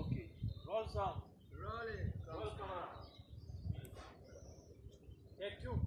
Okay. Roll sound. Roll it. Roll, Roll command. Take two.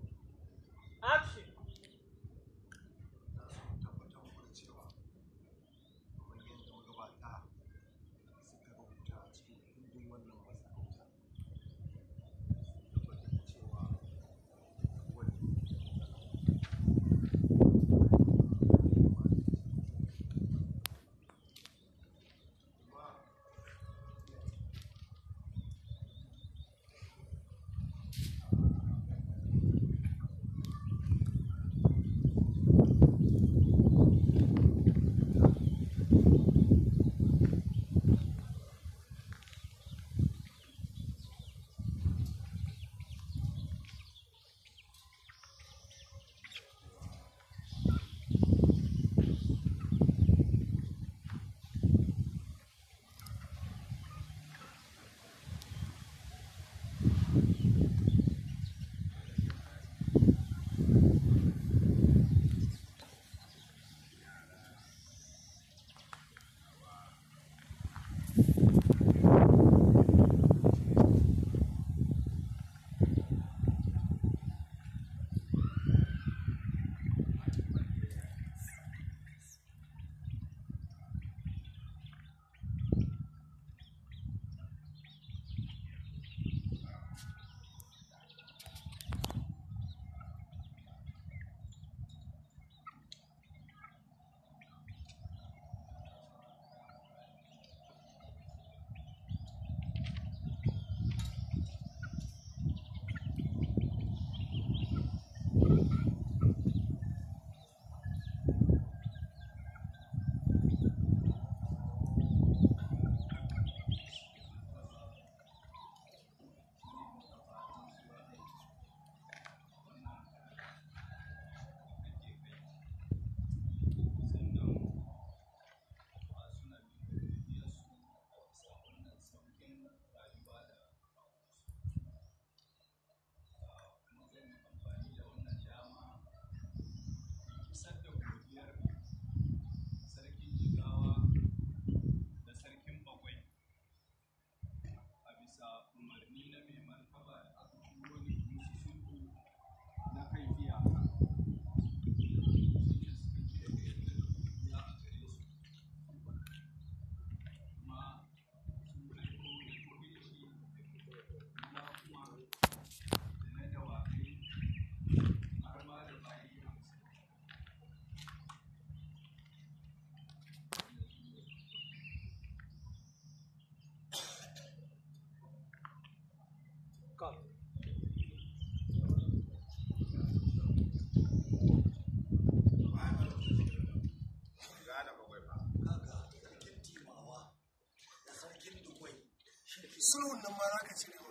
sulhun nan ma za ka cire wa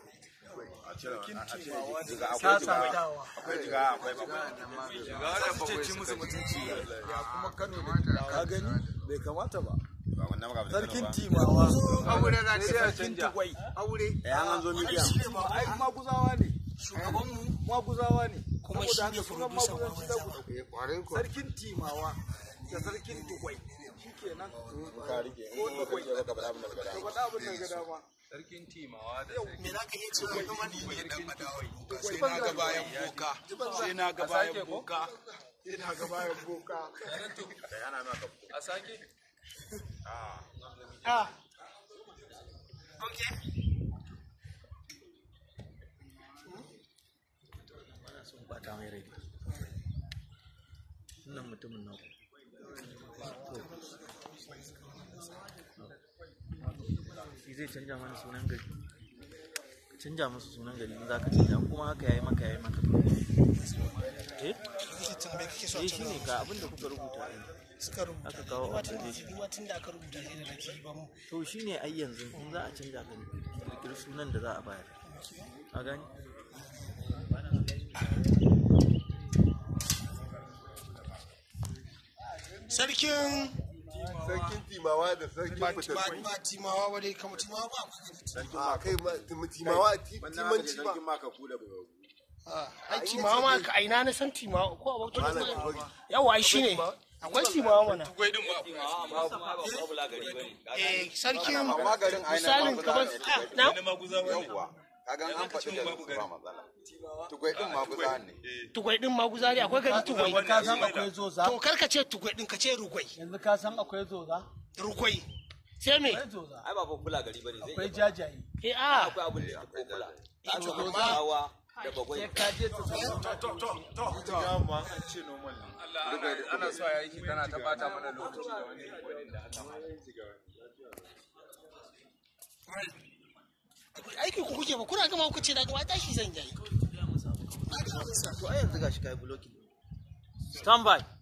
sasantawa ce ka gani bai kamata ba sarkin timawa aure za ce sarkin tugwai aure ya eh, an zo miliya ai maguzawa ne shugabanmu eh. maguzawa ne kuma shi ne furudusan maguzawa eh, sarkin timawa da sarkin tugwai shi kenan ko tugwai ka faɗa abin da ga dama sarkin timawa da sarki me za ka iya cewa duk wanda ya dan adawar boka sai na ga bayan boka sai na ga bayan boka sai na ga bayan boka da yana a sake ah ah okay ba ta mai zai canja mana sunan gari ka canja musu sunan gari za ka canja kuma haka yayi maka yayi maka eh? eh shi ne ka abin da kuka rubuta ne suka rubuta aka kawo a canje da aka rubuta shi da ba mu to shi ne ai yanzu in za a canja ka kirkiri sunan da za a bayar a gani sarkin sarkin timawa da sarkin ba timawa ba dai kama timawa ah, ba a kai timawa ba ai timawa ma ka aina ah, na san timawa ko a yawa ai akwai timawa mana eh, sarkin misalin kamar ah, na kagan an faɗi da su ba matsala tugwai din maguza ne din eh. maguza ne akwai gari ka san akwai zoza to ce tugwai din ka ce rugwai yanzu ka san akwai zoza rugwai sai me ai ba popular gari bane zai akwai jajaye eh a ah. akwai abun da ke popular a zoza da bagwai ka je to to to to an ce normal ana so ya yi kana ta bata mana lokaci da wani da Allah aiki ku kuke ba kuna gama ku ce daga wata shi zan yi. Na ga amsa to a yanzu gashi kai blocking. Stand by.